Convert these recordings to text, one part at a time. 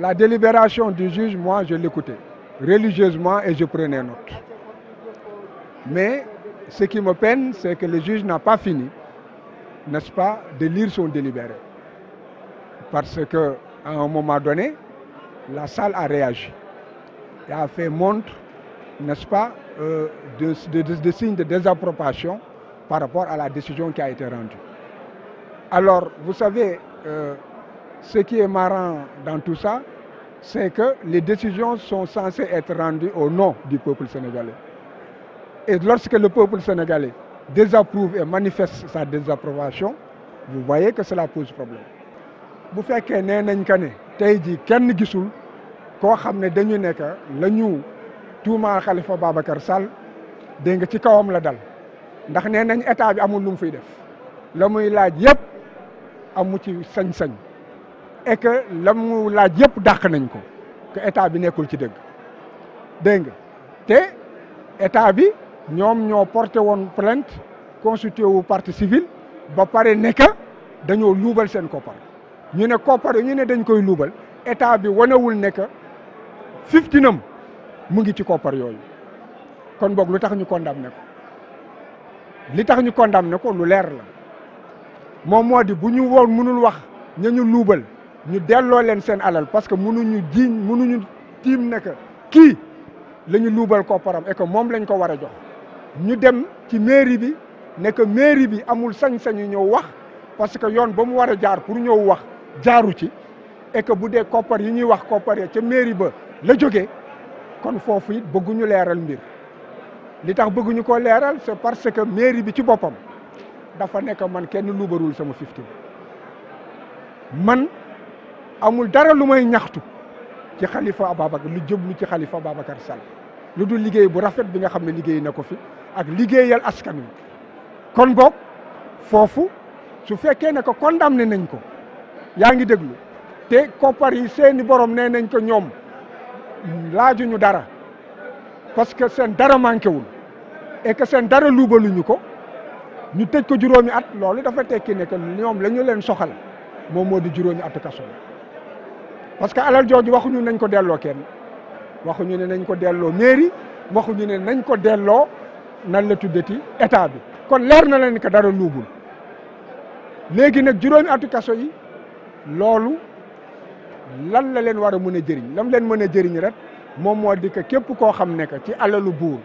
la délibération du juge, moi, je l'écoutais religieusement et je prenais note. Mais ce qui me peine, c'est que le juge n'a pas fini, n'est-ce pas, de lire son délibéré. Parce qu'à un moment donné, la salle a réagi et a fait montre, n'est-ce pas, euh, de, signes de désapprobation par rapport à la décision qui a été rendue. Alors, vous savez, euh, ce qui est marrant dans tout ça, c'est que les décisions sont censées être rendues au nom du peuple sénégalais. Et lorsque le peuple sénégalais désapprouve et manifeste sa désapprobation, vous voyez que cela pose problème. Vous faites que ne tey jii kenn gisul koo xam ne dañu nekk la ñu tuumaa Khalifa Babacar Sall dégg nga ci kawam la dal ndax nee nañ état bi amul lu mu fiy def la muy laaj yëpp et que la mu laaj yëpp dàq nañ ko que état bi nekkul ci dëgg dégg nga te état bi ñoom ñoo porté woon plainte constitué wu partie civile ba pare ne que dañoo luubal seen ñu ne koppar ñu ne dañ koy luubal état bi wanewul mu ngi ci kon bok lu tax ñu condamné ko li tax ñu condamné ko lu la di bu mënul wax ña ñu delloo leen seen alal parce que mënuñu jiiñ mënuñu tiim ne que kii la ñu luubal kopparam moom lañ ko war a jox ñu dem ci mairie bi ne que mairie bi amul sañ-sañu ñëw wax parce que yoon ba mu war a jaar pour ñëw wax jaaru ci et que bu dee koppar yi ñuy wax koppar ya ca mairie ba la jógee kon foofu it bëgguñu leeral mbir li tax bëgguñu ko leeral c'est parce que mairie bi ci boppam dafa nekk man kenn luubarul sama fifteen man amul dara lu may ñaxtu ci xalifa Ababacar lu jëblu ci xalifa Ababacar Sall lu dul liggéey bu rafet bi nga xam ne liggéey na ko fi ak liggéeyal askan wi kon boog foofu su fekkee ne ko condamné nañ ko yaa ngi déglu te koppar yi seeni borom nee nañ ko ñoom laajuñu dara parce que seen dara manqué wul et que seen dara luubaluñu ko ñu tëj ko juróomi at loolu dafa tekki ne que ñoom la ñu leen soxal moom moo di juróomi atu kaso parce que alal jooju waxuñu nañ ko delloo kenn waxuñu ne nañ ko delloo mairie waxuñu ne nañ ko delloo nan la tuddati état bi kon leer na leen ko dara luubul léegi nag juróomi atu kaso yi loolu lan la leen war a mën a jëriñ lam leen mën a jëriñ rek moom moo di que képp koo xam ne que ci alalu buur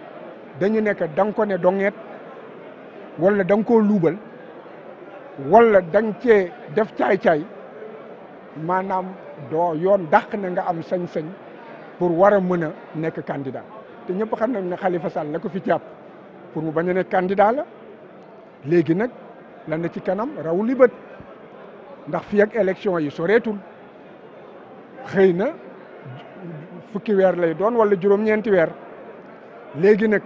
dañu nekk da nga ko ne dongeet wala da nga koo luubal wala da cee def caay-caay manam do yon dak na nga am sañ-sañ pour wara mëna nek candidat té ñëpp xam nañ ne Khalifa Sall la ko fi japp pour mu baña nek candidat la légui nak lan na ci kanam raw li bët ndax fi ak élection yi soreetul xëy fukki weer lay doon wala juroom ñenti weer légui nak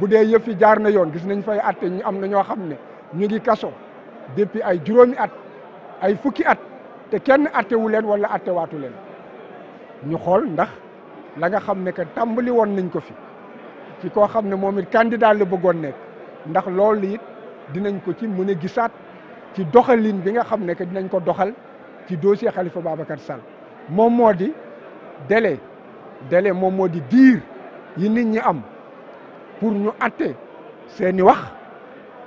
bu yëf jaar na yoon gis nañ fay atté ñu am na ño xamné ñu ngi kaso depuis ay juroomi at ay fukki at te kenn attewu leen wala attewaatu leen ñu xool ndax la nga xam ne que tàmbali woon nañ ko fi ci koo xam ne moom it candidat la bëggoon nekk ndax loolu it dinañ ko ci mën a gisaat ci doxalin bi nga xam ne que dinañ ko doxal ci dossier Khalifa Babacar Sall moom moo di délai délai moom moo di diir yi nit ñi am pour ñu atte seeni wax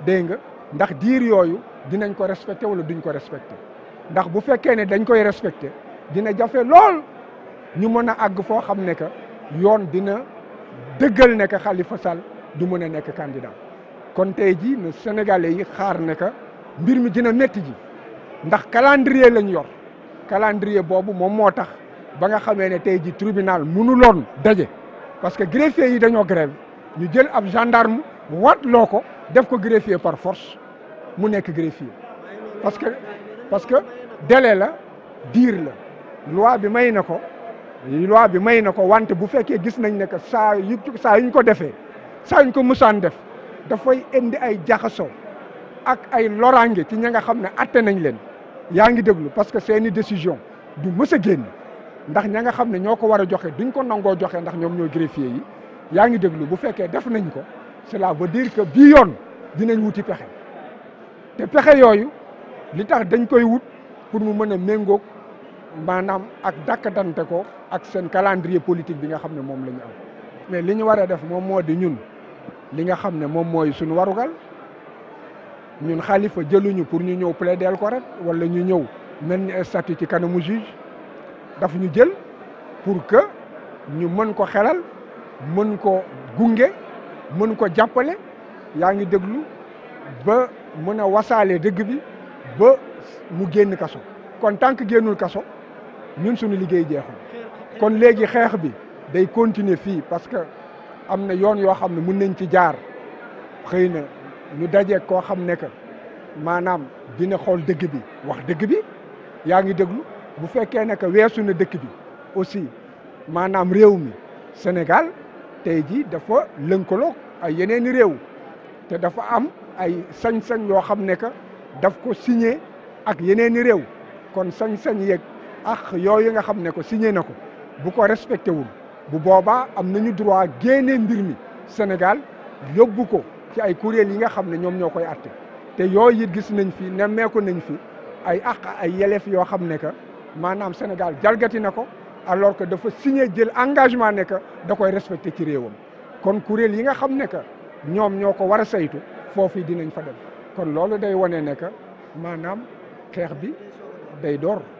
dégg nga ndax diir yooyu dinañ ko respecté wala duñ ko respecté ndax bu fekkee ne dañ koy respecté dina jafe lool ñu mën a àgg foo xam ne que yoon dina dëggal ne que Khalifa Sall du mën a nekk candidat kon tey ji ne sénégalais yi xaar ne que mbir mi dina métti ji ndax calendrier lañ yor calendrier boobu moom moo tax ba nga xamee ne tey ji tribunal mënuloon daje parce que greffier yi dañoo grève ñu jël ab gendarme waat ko def ko greffier par force mu nekk greffier parce que parce que délai là, dire la loi bi may loi bi may wante bu que gis nañ ne yu saa yuñ ko saa ko musan def fay indi ay ak ay ci ñinga xamné atté nañ leen yaangi parce que une décision du mës a génn ndax ne joxé duñ ko nango joxé ndax ñom ñoy greffier yi yaangi bu def cela veut dire que bion yoon dinañ wuti li tax dañ koy wut pour mu mën a méngoog maanaam ak dàkkadante ko ak seen calendrier politique bi nga xam ne moom la am mais li ñu waree def moom moo di ñun li nga xam ne moom mooy suñu warugal ñun xalifa jëluñu pour ñu ñëw plaideel ko rek wala ñu ñëw men ni statut ci kanamu juge daf ñu jël pour que ñu mën ko xelal mën ko gunge mën ko jàppale yaa ngi déglu ba mën a wasaale dëgg bi ba mu génn kaso kon tant que génnul ñun nous, liggéey jeexul kon léegi xeex bi day continuer parce que am na yoon yoo ne nañ ci jaar dina xool dëgg bi wax dëgg bi yaa ngi bu ne que bi aussi maanaam réew mi Sénégal tey dafa ay yeneeni te dafa am ay sañ-sañ daf ko signé ak yeneen i réew kon sañ-sañ yeeg ak yooyu nga xam ne ko signé na ko bu ko respecté wul bu boobaa am nañu droit génne mbir mi Sénégal yóbbu ko ci ay kuréel yi nga xam ne ñoom ñoo koy atte te yooyu yit gis nañ fi nemmeeku nañ fi ay ak ay yelef yoo xam ne que maanaam Sénégal jalgati na ko alors que dafa signé jël engagement ne que da koy respecté ci réewam kon kuréel yi nga xam ne que ñoom ñoo ko war a saytu foofu dinañ fa dem. kon loolu day wane ne que maanaam xeex bi day door